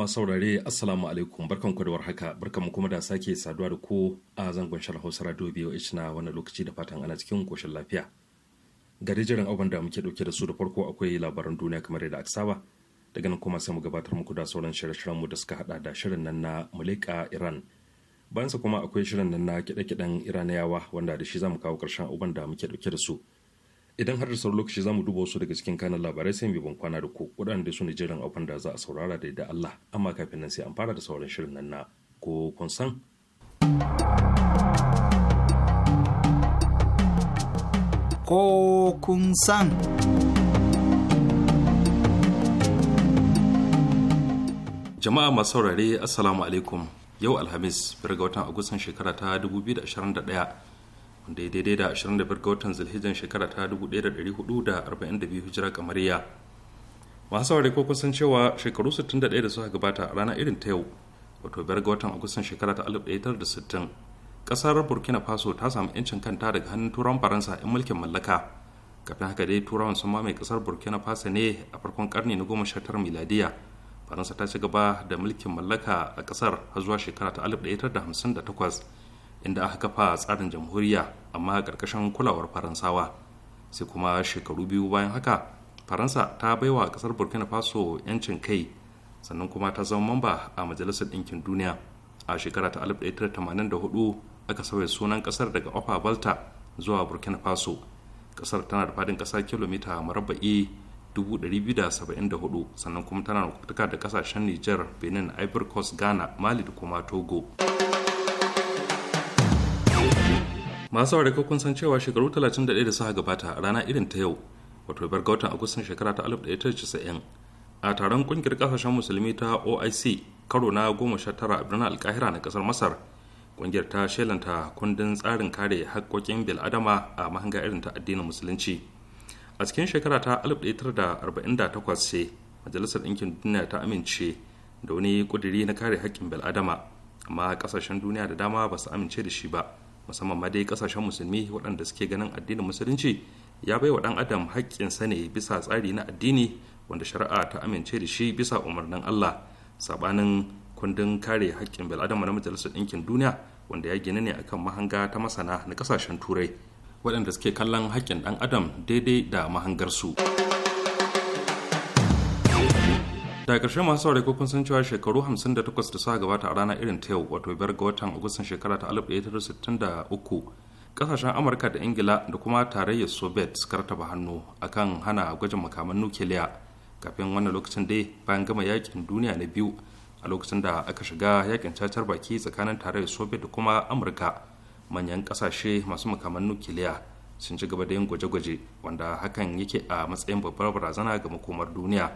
masu saurare assalamu alaikum barkan ku da warhaka barkan mu kuma da sake saduwa da ku a zangon shar Hausa Radio BOH na wannan lokaci da fatan ana cikin koshin lafiya. Ga jiran abin da muke dauke da su da farko akwai labaran duniya kamar yadda aka saba daga nan kuma sai mu gabatar muku da sauran shirye-shiryen mu da suka hada da shirin nan na Mulika Iran. bayan sa kuma akwai shirin nan na kiɗe-kiɗen Iraniyawa wanda da shi zamu kawo karshen abin da muke dauke da su. idan har da sauran lokaci za mu duba wasu daga cikin kanan labarai sai mu kwana da ku waɗanda su ne jiran abin da za a saurara da yadda Allah amma kafin nan sai an fara da sauran shirin nan na ko kun san. Ko kun san. Jama'a masu saurare Assalamu alaikum yau Alhamis, birga watan Agustan shekara ta 2021 wanda ya daidai da 25 ga watan zulhijjan shekara ta 1442 hijira kamariya masu saurari ko kusan cewa shekaru 61 da suka gabata a ranar irin ta yau wato biyar ga watan agustan shekara ta 1960 kasar burkina faso ta samu 'yancin kanta daga hannun turawan faransa 'yan mulkin mallaka kafin haka dai turawan sun mamaye kasar burkina faso ne a farkon karni na goma sha miladiya faransa ta ci gaba da mulkin mallaka a kasar har zuwa shekara ta 1958 inda aka kafa tsarin jamhuriya amma ƙarƙashin kulawar faransawa sai kuma shekaru biyu bayan haka faransa ta baiwa ƙasar burkina faso 'yancin kai sannan kuma ta zama mamba a majalisar ɗinkin duniya a shekara ta 1984 aka sauya sunan ƙasar daga ofa balta zuwa burkina faso ƙasar tana da faɗin ƙasa kilomita marabba'i 274 sannan kuma tana da da ƙasashen niger benin ivory coast ghana mali da kuma togo masu ware kun san cewa shekaru 31 da suka gabata a rana irin ta yau wato bar ga watan agustan shekara ta 1990 a taron kungiyar kasashen musulmi ta oic karo na 19 a birnin alkahira na kasar masar kungiyar ta shelanta kundin tsarin kare haƙƙoƙin bil'adama a mahanga irin ta addinin musulunci a cikin shekara ta 1948 ce majalisar ɗinkin duniya ta amince da wani ƙudiri na kare haƙƙin bil'adama amma ƙasashen duniya da dama ba su amince da shi ba musamman ma dai kasashen musulmi waɗanda suke ganin addinin musulunci ya bai wa ɗan adam sa ne bisa tsari na addini wanda shari'a ta amince da shi bisa umarnin Allah sabanin kundin kare haƙƙin bil'adama na majalisar ɗinkin duniya wanda ya gina ne akan mahanga ta masana na kasashen turai waɗanda suke kallon haƙƙin ɗan adam daidai da mahangarsu. su da ƙarshe masu saurari ko kun san cewa shekaru 58 da suka gabata a ranar irin ta yau wato biyar ga watan agustan shekara ta 1963 kasashen amurka da ingila da kuma tarayyar soviet suka rataba hannu akan hana gwajin makaman nukiliya kafin wannan lokacin dai bayan gama yakin duniya na biyu a lokacin da aka shiga yakin cacar baki tsakanin tarayyar soviet da kuma amurka manyan kasashe masu makaman nukiliya sun ci gaba da yin gwaje-gwaje wanda hakan yake a matsayin babbar barazana ga makomar duniya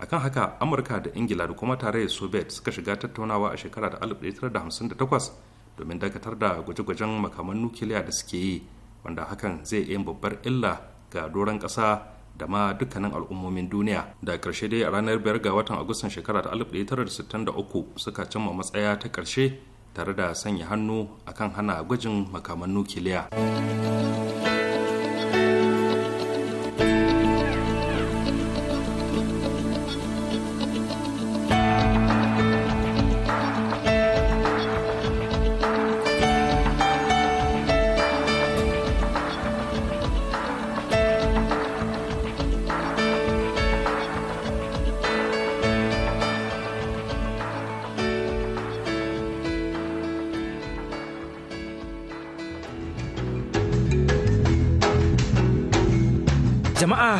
akan haka amurka da ingila da kuma tarayyar soviet suka shiga tattaunawa a shekara da 1958 domin dakatar da gwaje-gwajen makaman nukiliya da suke yi wanda hakan zai yin babbar illa ga doron ƙasa da ma dukkanin al'ummomin duniya da karshe dai a ranar biyar ga watan agustan shekara da 1963 suka cimma matsaya ta karshe tare da sanya hannu akan hana gwajin makaman nukiliya.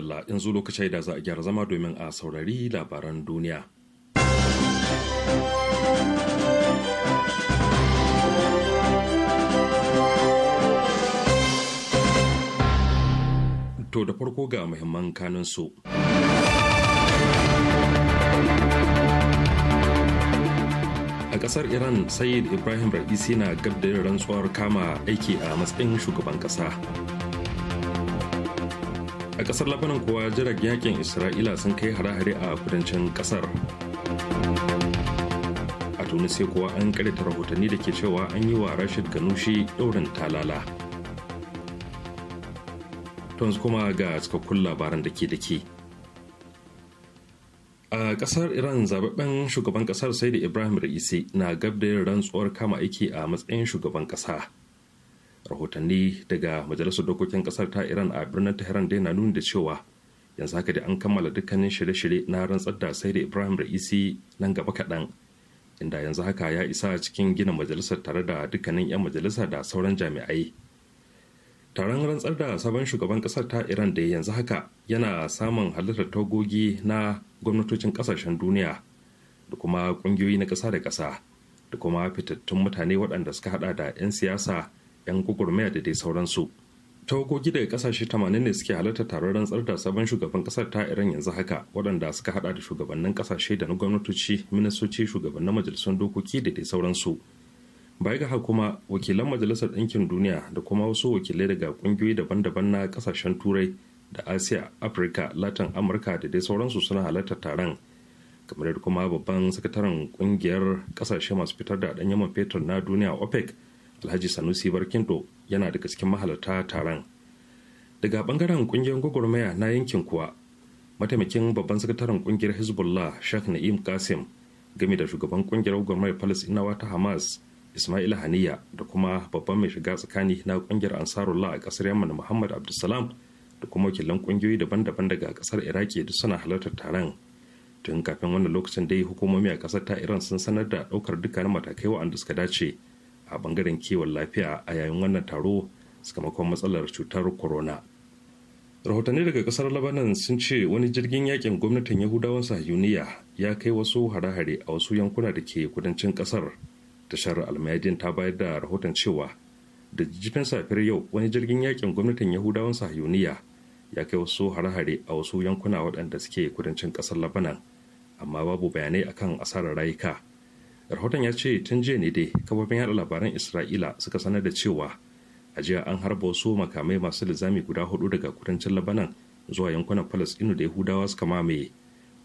madalla in zo lokacin da za a gyara zama domin a saurari labaran duniya. To da farko ga muhimman kanunsu. a ƙasar iran Sayyid ibrahim raisi na gab da rantsuwar kama aiki a matsayin shugaban kasa a kasar labanan kuwa jiragen yakin isra'ila sun kai hare-hare a kudancin kasar a tunisiya kuwa an karyata rahotanni da ke cewa an yi wa rashid ganushi daurin talala tons kuma ga cikakkun labaran da ke da ke a kasar iran zababben shugaban kasar sai da ibrahim ra'isi na gab rantsuwar kama aiki a matsayin shugaban kasa rahotanni daga majalisar dokokin kasar ta iran a birnin tehran dai na nuni da cewa yanzu haka da an kammala dukkanin shirye-shirye na rantsar da sai da ibrahim ra'isi nan gaba kaɗan inda yanzu haka ya isa cikin gina majalisar tare da dukkanin 'yan majalisa da sauran jami'ai taron rantsar da sabon shugaban kasar ta iran da yanzu haka yana samun halittar tagogi na gwamnatocin kasashen duniya da kuma kungiyoyi na kasa da kasa da kuma fitattun mutane waɗanda suka hada da 'yan siyasa 'yan gwagwarmaya da dai sauransu tawagogi daga kasashe 80 ne suke halarta taron rantsar da sabon shugaban kasar ta iran yanzu haka waɗanda suka hada da shugabannin kasashe da na gwamnatoci ministoci shugabannin majalisun dokoki da dai sauransu Bai ga kuma wakilan majalisar ɗinkin duniya da kuma wasu wakilai daga ƙungiyoyi daban-daban na kasashen turai da asiya afirka latin amurka da dai sauransu suna halartar taron kamar da kuma babban sakataren ƙungiyar kasashe masu fitar da ɗanyen man fetur na duniya opec alhaji sanusi barkindo yana daga cikin mahalarta taron daga bangaren kungiyar gwagwarmaya na yankin kuwa mataimakin babban sakataren kungiyar hezbollah sheikh na'im kasim game da shugaban kungiyar gwagwarmayar palestinawa ta hamas ismail haniya da kuma babban mai shiga tsakani na kungiyar ansarullah a kasar yamma muhammad abdulsalam da kuma wakilan kungiyoyi daban-daban daga kasar iraki da suna halartar taron tun kafin wannan lokacin dai hukumomi a kasar ta iran sun sanar da daukar dukkanin matakai waɗanda suka dace a bangaren kiwon lafiya a yayin wannan taro sakamakon matsalar cutar corona rahotanni daga kasar labanan sun ce wani jirgin yakin gwamnatin yahudawan sahiyuniya ya kai wasu hare-hare a wasu yankuna da ke kudancin kasar tashar almayadin ta bayar da rahoton cewa da jifin safiyar yau wani jirgin yakin gwamnatin yahudawan sahiyuniya ya kai wasu hare-hare a wasu yankuna waɗanda suke kudancin kasar labanan amma babu bayanai akan asarar rayuka rahoton ya ce tun jiya ne dai kafofin yada labaran isra'ila suka sanar da cewa a jiya an harba wasu makamai masu lizami guda hudu daga kudancin labanan zuwa yankunan inu da yahudawa suka mamaye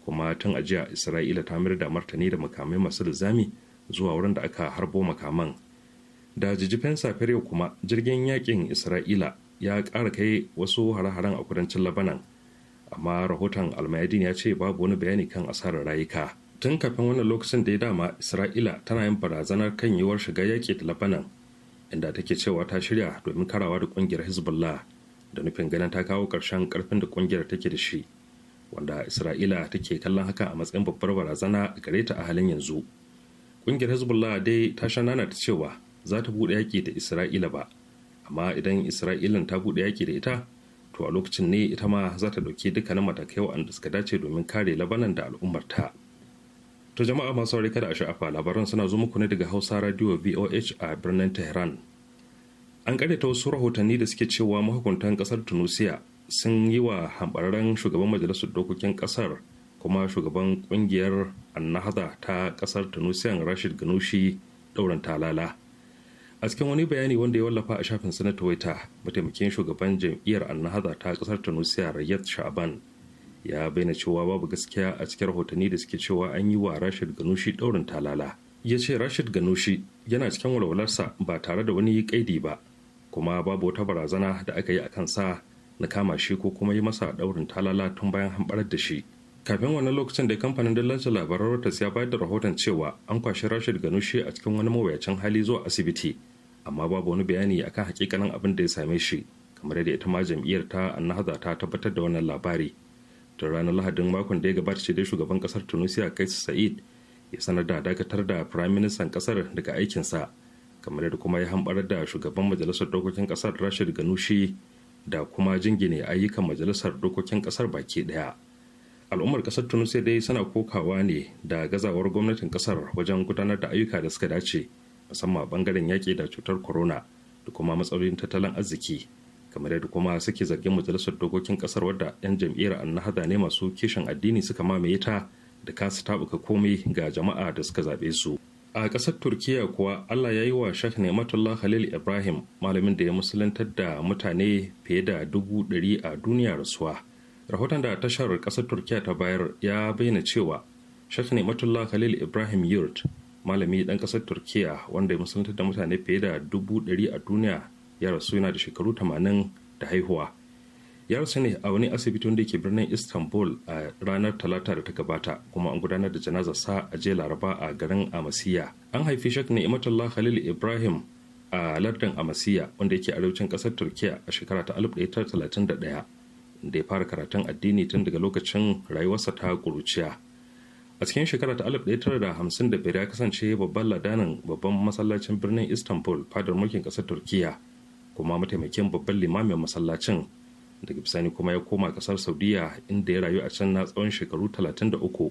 kuma tun a jiya isra'ila ta mayar da martani da makamai masu lizami zuwa wurin da aka harbo makaman da jijjifen safiyar yau kuma jirgin yakin isra'ila ya ƙara kai wasu hare-haren a kudancin labanan amma rahoton almayadin ya ce babu wani bayani kan asarar rayuka tun kafin wannan lokacin da ya dama isra'ila tana yin barazanar kan yiwuwar shiga yaƙi da labanan inda take cewa ta shirya domin karawa da ƙungiyar hezbollah da nufin ganin ta kawo ƙarshen ƙarfin da ƙungiyar take da shi wanda isra'ila take kallon haka a matsayin babbar barazana gare ta a halin yanzu ƙungiyar hezbollah dai ta sha nana ta cewa za ta buɗe yaƙi da isra'ila ba amma idan Isra'ila ta buɗe yaƙi da ita to a lokacin ne ita ma za ta ɗauki dukkanin matakai waɗanda suka dace domin kare labanan da al'ummarta. To jama'a masu saurari kada a sha'afa labaran suna zo muku ne daga Hausa Radio VOH a birnin Tehran. An karyata wasu rahotanni da suke cewa mahukuntan kasar Tunusia sun yi wa hambararren shugaban majalisar dokokin kasar kuma shugaban kungiyar annahada ta kasar Tunusian Rashid Ganushi dauran talala. A cikin wani bayani wanda ya wallafa a shafin na Twitter, mataimakin shugaban jam'iyyar annahada ta kasar Tunusia Rayyad Sha'ban ya bayyana cewa babu gaskiya a cikin rahotanni da suke cewa an yi wa rashid ganushi daurin talala ya ce rashid ganushi yana cikin walwalarsa ba tare da wani kaidi ba kuma babu wata barazana da aka yi a kansa na kama shi ko kuma yi masa daurin talala tun bayan hambarar da shi kafin wannan lokacin da kamfanin dillancin labaran Reuters ya bayar da rahoton cewa an kwashi Rashid Ganushi a cikin wani mawuyacin hali zuwa asibiti amma babu wani bayani akan hakikanin abin da ya same shi kamar yadda ita ma jam'iyyar ta annahda ta tabbatar da wannan labari da ranar lahadin makon da ya gabata ce dai shugaban kasar tunisia kais sa'id ya sanar da dakatar da prime ƙasar kasar daga aikinsa kamar da kuma ya hambarar da shugaban majalisar dokokin kasar rashid ganushi da kuma jingine ayyukan majalisar dokokin kasar baki daya al'ummar kasar tunisia dai suna kokawa ne da gazawar gwamnatin kasar wajen gudanar da ayyuka da suka dace musamman bangaren yaƙi da cutar corona da kuma matsalolin tattalin arziki kamar yadda kuma suke zargin majalisar dokokin kasar wadda 'yan jam'iyyar annahda ne masu kishin addini suka mamaye ta da su tabuka komai ga jama'a da suka zaɓe su a ƙasar turkiya kuwa allah ya yi wa shek nematullah halil ibrahim malamin da ya musulantar da mutane fiye da dubu ɗari a duniya rasuwa rahoton da tashar kasar turkiya ta bayar ya bayyana cewa shek nematullah halil ibrahim yurt malami ɗan ƙasar turkiya wanda ya musulantar da mutane fiye da dubu ɗari a duniya ya rasu yana da shekaru 80 da haihuwa ya rasu ne a wani asibiti wanda ke birnin istanbul a ranar talata da ta gabata kuma an gudanar da janazar sa a jiya laraba a garin amasiya an haifi shak ne imatullah khalil ibrahim a lardin amasiya wanda yake arewacin kasar turkiya a shekara ta 1931 da ya fara karatun addini tun daga lokacin rayuwarsa ta kuruciya a cikin shekara ta 1955 ya kasance babban ladanin babban masallacin birnin istanbul fadar mulkin kasar turkiya kuma mataimakin babban limamin masallacin daga bisani kuma ya koma kasar saudiya inda ya rayu a can na tsawon shekaru 33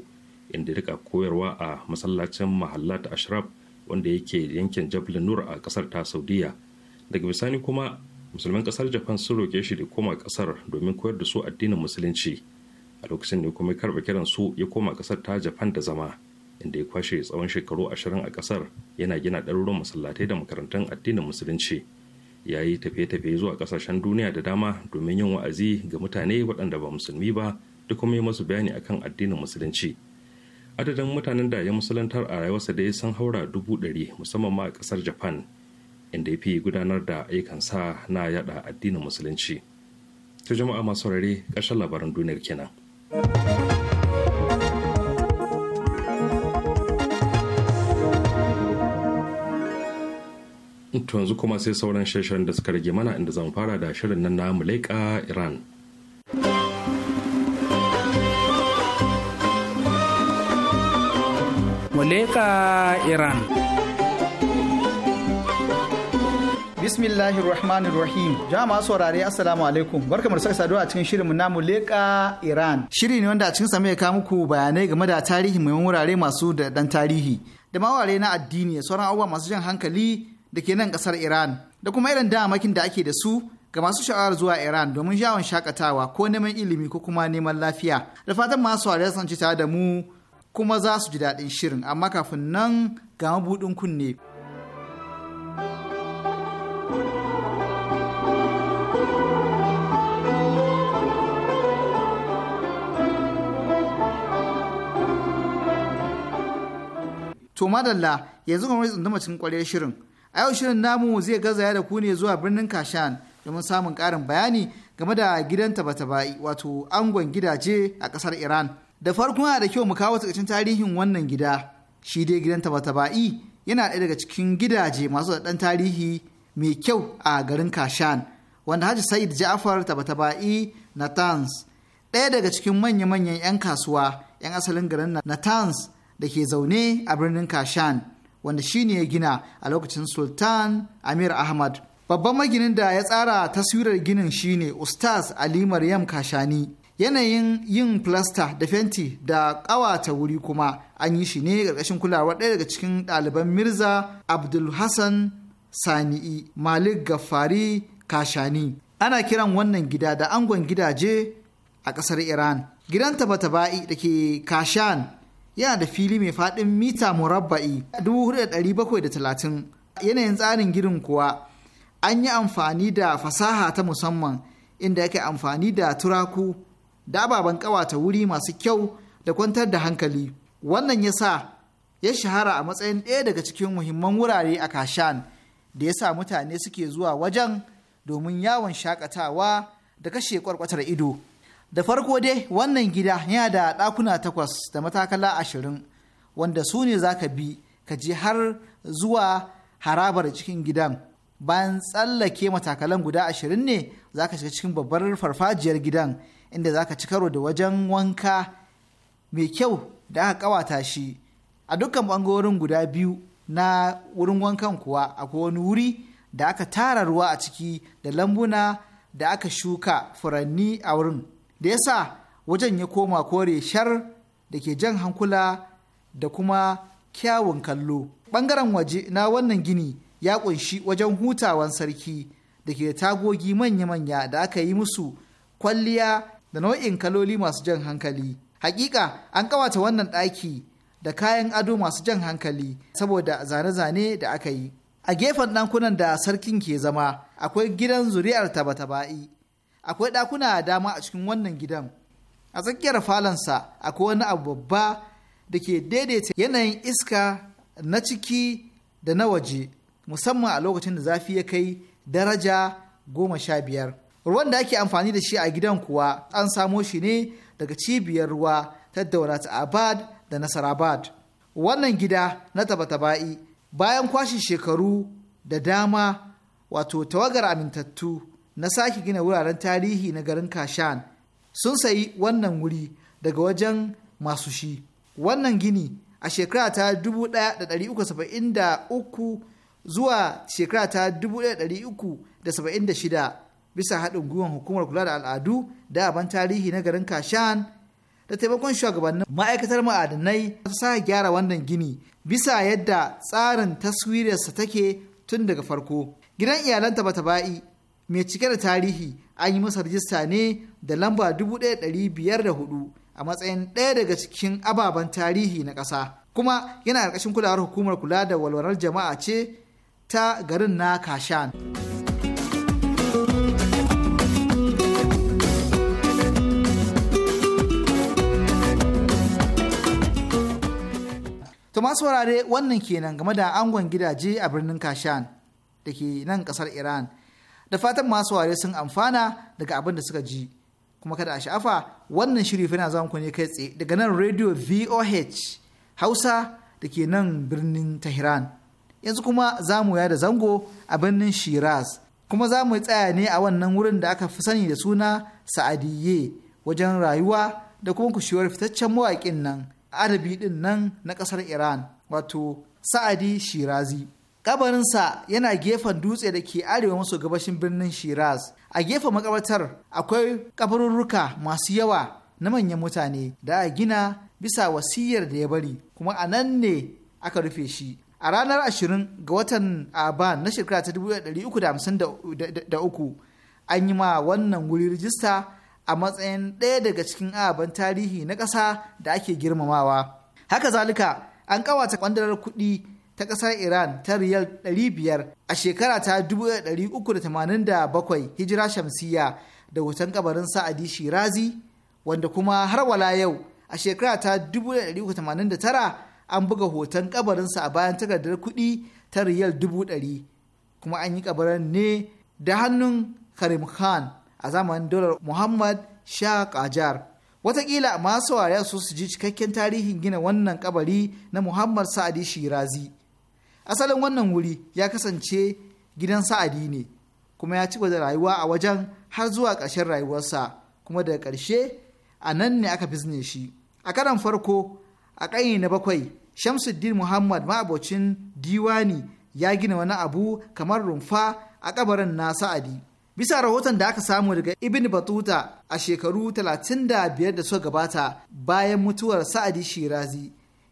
inda ya rika koyarwa a masallacin mahallat ashraf wanda yake yankin jablin nur a kasar ta saudiya daga bisani kuma musulman kasar japan sun roke shi da koma kasar domin koyar da su addinin musulunci a lokacin ne kuma ya karba kiran su ya koma kasar ta japan da zama inda ya kwashe tsawon shekaru ashirin a kasar yana gina ɗaruruwan masallatai da makarantun addinin musulunci ya yi tafiye-tafiye zuwa kasashen duniya da dama domin yin wa'azi ga mutane waɗanda ba musulmi ba da kuma yi masu bayani akan addinin musulunci adadin mutanen da ya musulantar a rayuwarsa da ya san haura dubu ɗari musamman ma a ƙasar japan inda ya fi gudanar da sa na yada addinin musulunci ta jama'a masu rare ƙarshen labaran duniyar kenan To yanzu kuma sai sauran shirin da suka rage mana inda zan fara da shirin nan na Mulaika Iran. Mulaika Iran. Bismillahir Rahmanir Rahim. Jama'a saurare Assalamu alaikum. Barkamu da sake saduwa a cikin shirinmu na Iran. Shiri ne wanda a cikin sa mai kawo muku bayanai game da tarihi mai wurare masu da dan tarihi. Da maware na addini sauran abubuwa masu jan hankali da ke nan kasar Iran da kuma irin damakin da ake da su ga masu sha'awar zuwa Iran domin yawon shakatawa ko neman ilimi ko kuma neman lafiya. Da fatan masu wariya da ta tare da mu kuma za su ji daɗin shirin amma kafin nan ga mabuɗin kunne. To madalla yanzu kuma mai tsundumacin kwarar shirin a yau shirin namu zai gazaya da ku ne zuwa birnin kashan domin samun karin bayani game da gidan tabatabai wato angon gidaje a kasar iran da farko yana da kyau mu kawo takaicin tarihin wannan gida shi dai gidan tabatabai yana ɗaya daga cikin gidaje masu ɗan tarihi mai kyau a garin kashan wanda haji sa'id ja'far tabatabai na natans ɗaya daga cikin manya-manyan 'yan kasuwa 'yan asalin garin tans da ke zaune a birnin kashan wanda shine ya gina a lokacin sultan amir ahmad babban maginin da ya tsara taswirar ginin shine ustaz ali maryam kashani yanayin yin filasta da fenti da ƙawata wuri kuma an yi shi ne ƙarƙashin kulawar ɗaya daga cikin ɗaliban mirza abdulhassan sani'i malik gafari kashani ana kiran wannan gida da angon gidaje a ƙasar iran gidan taba-taba'i da ke kashan yana da fili mai faɗin mita murabba'i 4,730 yanayin tsarin girin kuwa an yi amfani da fasaha ta musamman inda yake amfani da turaku da ababen ƙawata wuri masu kyau da kwantar da hankali wannan ya sa ya shahara a matsayin ɗaya daga cikin muhimman wurare a kashan da ya sa mutane suke zuwa wajen domin yawon shakatawa da kashe kwarkwatar ido. da farko dai wannan gida yana da ɗakuna takwas da matakala ashirin wanda su ne za ka bi ka je har zuwa harabar cikin gidan bayan tsallake matakalan guda ashirin ne za ka shiga cikin babbar farfajiyar gidan inda za ka ci karo da wajen wanka mai kyau da aka kawata shi a dukkan bangarorin guda biyu na wurin wankan kuwa akwai wani wuri da aka tara ruwa a ciki da lambuna da aka shuka furanni a wurin da ya sa wajen ya koma kore shar da ke jan hankula da kuma kyawun kallo ɓangaren waje na wannan gini ya ƙunshi wajen hutawan sarki da ke tagogi manya-manya da aka yi musu kwalliya da nau'in kaloli masu jan hankali hakika an kawata wannan ɗaki da kayan ado masu jan hankali saboda zane-zane da aka yi a gefen ɗankunan da sarkin ke zama akwai gidan zuri'ar taba-taba'i akwai ɗakuna dama a cikin wannan gidan a tsakiyar falansa akwai wani abu babba da ke daidaita yanayin iska na ciki da na waje musamman a lokacin da zafi ya kai daraja goma sha biyar ruwan da ake amfani da shi a gidan kuwa an samo shi ne daga cibiyar ruwa ta daulat abad da nasarabad wannan gida na taba-taba'i bayan kwashe shekaru da dama wato tawagar amintattu na sake gina wuraren tarihi na garin kashan sun sayi wannan wuri daga wajen masu shi wannan gini a shekara ta 1373 zuwa shekara ta 1376 bisa haɗin gwiwan hukumar kula da al'adu da aban tarihi na garin kashan da taimakon shugabannin ma'aikatar ma'adanai ta sa gyara wannan gini bisa yadda tsarin taswirarsa take tun daga farko gidan iyalanta bata ba'i mai cike da tarihi an yi masa rajista ne da lamba 1504 a matsayin ɗaya daga cikin ababen tarihi na ƙasa kuma yana ƙarƙashin kulawar hukumar kula da walwalar jama'a ce ta garin na kashan. ta masu wurare wannan kenan game da angon gidaje a birnin Kashan da ke nan kasar Iran. da fatan masu ware sun amfana daga abin da suka ji kuma kada a sha'afa wannan shiri fina za ku ne kai tsaye daga nan radio voh hausa da ke nan birnin tehran yanzu kuma za mu yada zango a birnin shiraz kuma za mu tsaya ne a wannan wurin da aka fi sani da suna sa'adiyye wajen rayuwa da kuma kushewar fitaccen mawaƙin nan adabi din nan na ƙasar iran wato sa'adi shirazi Kabarinsa yana gefen dutse da ke arewa maso gabashin birnin Shiraz. A gefen makabartar akwai kabarurruka masu yawa na manyan mutane da a gina bisa wasiyar da ya bari kuma a nan ne aka rufe shi. A ranar 20 ga watan Aban na shekara ta 1353 an yi ma wannan wuri rijista a matsayin ɗaya daga cikin aban tarihi na ƙasa da ake girmamawa. Haka zalika an ƙawata kwandarar kuɗi ta ƙasar Iran ta riyal 500 a shekara ta 1387 hijira shamsiya da hoton kabarin Sa'adi Shirazi wanda kuma har wala yau a shekara ta 1989 an buga hoton ƙabarinsa a bayan takardar kuɗi ta riyal 100 kuma an yi kabarin ne da hannun Karim Khan a zamanin dolar Muhammad Shah Qajar. watakila masu wariya su su ji cikakken tarihin gina wannan kabari na Muhammad Sa'adi Shirazi. asalin wannan wuri ya kasance gidan sa'adi ne kuma ya ci da rayuwa a wajen har zuwa ƙarshen rayuwarsa kuma daga ƙarshe a nan ne aka bizne shi a karan farko a ƙayi na bakwai shamsuddin muhammad ma'abocin diwani ya gina wani abu kamar rumfa a ƙabarin na sa'adi bisa rahoton da aka samu daga ibn batuta a shekaru 35 da suka gabata bayan mutuwar sa'adi shirazi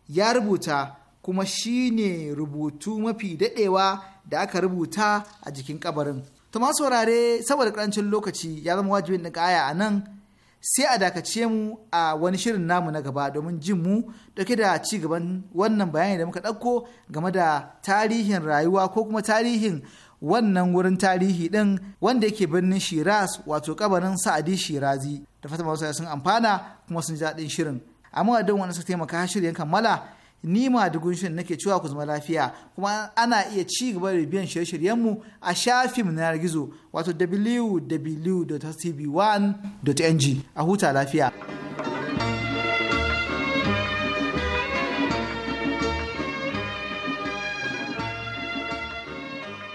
ya rubuta kuma shi ne rubutu mafi daɗewa da aka rubuta a jikin kabarin. tuma saurare saboda karancin lokaci ya zama wajibin da kaya a nan sai a dakace mu a wani shirin namu na gaba domin jin mu dauke da ci gaban wannan bayani da muka ɗauko game da tarihin rayuwa ko kuma tarihin wannan wurin tarihi ɗin wanda yake birnin Shiraz wato kabarin Sa'adi Shirazi da fatan masu sun amfana kuma sun ji daɗin shirin. Amma don wani suka taimaka shirin kammala ni ma dugun shirin nake cewa ku zama lafiya kuma ana iya ci gaba da biyan shirye-shiryenmu a shafin na yanar gizo wato www.tv1.ng a huta lafiya.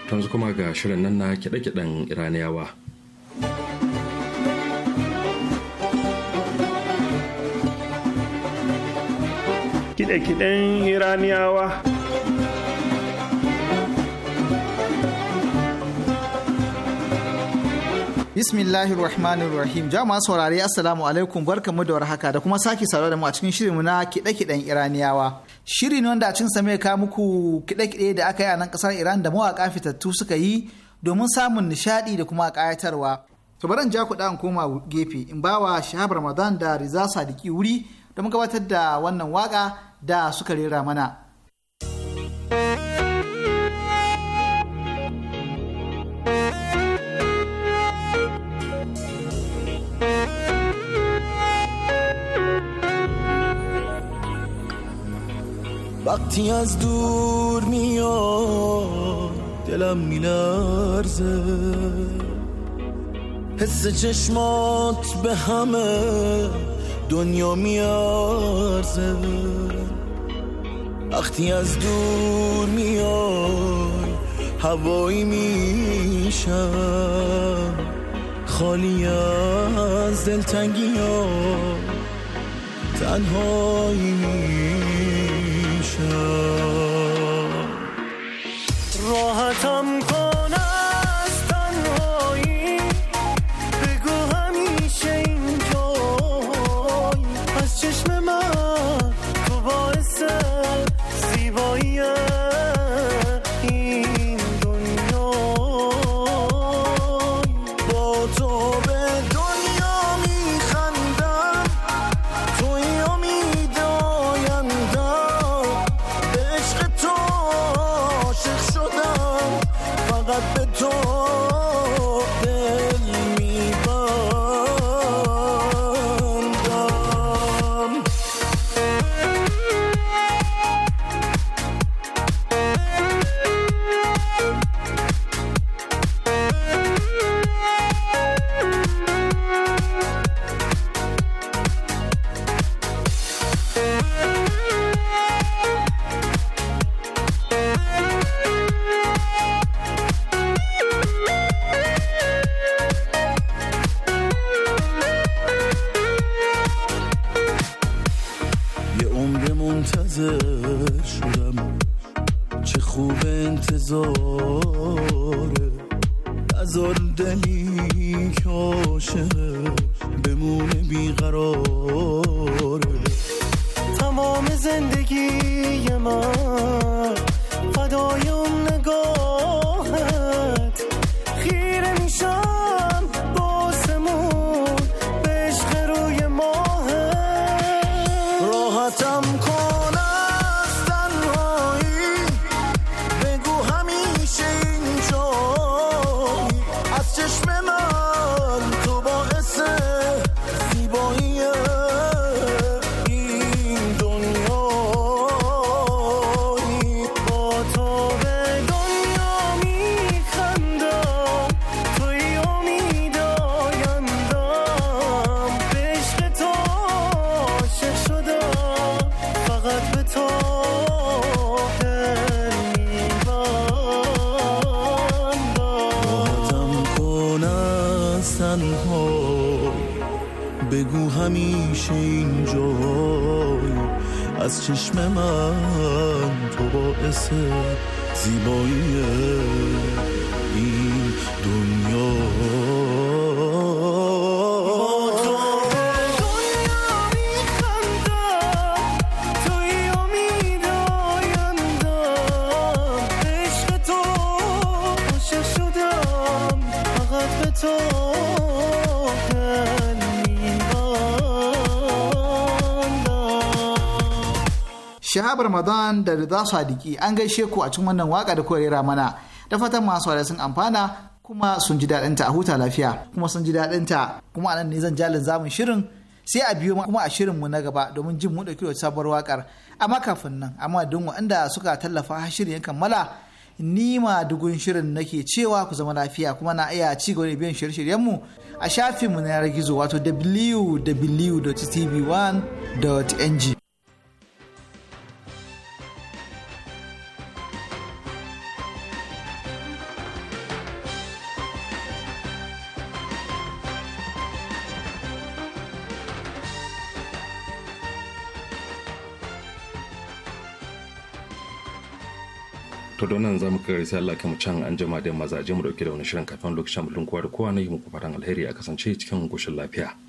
Tanzu kuma ga shirin nan na kiɗe-kiɗen Iraniyawa. kiɗe-kiɗen iraniyawa Bismillahir Rahmanir Rahim. Jama'a saurare Assalamu alaikum barkamu da warhaka da kuma sake saurare da mu a cikin shirinmu na kiɗe-kiɗen Iraniyawa. Shiri ne wanda a cikin same ka muku kiɗe-kiɗe da aka yi a nan ƙasar Iran da mawaƙa fitattu suka yi domin samun nishaɗi da kuma ƙayatarwa. To bari in ja ku da koma gefe in bawa Shahab Ramadan da Riza Sadiki wuri da mun gabatar da wannan waka da suka rera mana. وقتی از دور میاد دلم میلرزه حس چشمات به همه دنیا میارزه وقتی از دور میای هوایی میشم خالی از دلتنگی ها تنهایی شدم چه خوب انتظار از آن دلی که بمونه بیقراره تمام زندگی من میشه اینجا از چشم من تو باعث زیبایی این دنیا Shu'aib Ramadan da Rida Sadiki an gaishe ku a cikin wannan waka da kuka rera mana. Da fatan masu wada sun amfana kuma sun ji daɗinta a huta lafiya kuma sun ji daɗinta kuma anan ne zan jalin zamun shirin sai a biyo kuma a shirin mu na gaba domin jin mu dauki wata sabuwar wakar amma kafin nan amma don waɗanda suka tallafa ha shirin ya kammala ni ma dugun shirin nake cewa ku zama lafiya kuma na iya ci gaba da biyan shirye-shiryen mu a shafin mu na yanar gizo wato www.tv1.ng to zamu kai sai Allah mu can an jima da mazaje mu dauke da wani shirin kafin lokacin mutum kowa da kowa na yi muku fatan alheri a kasance cikin goshin lafiya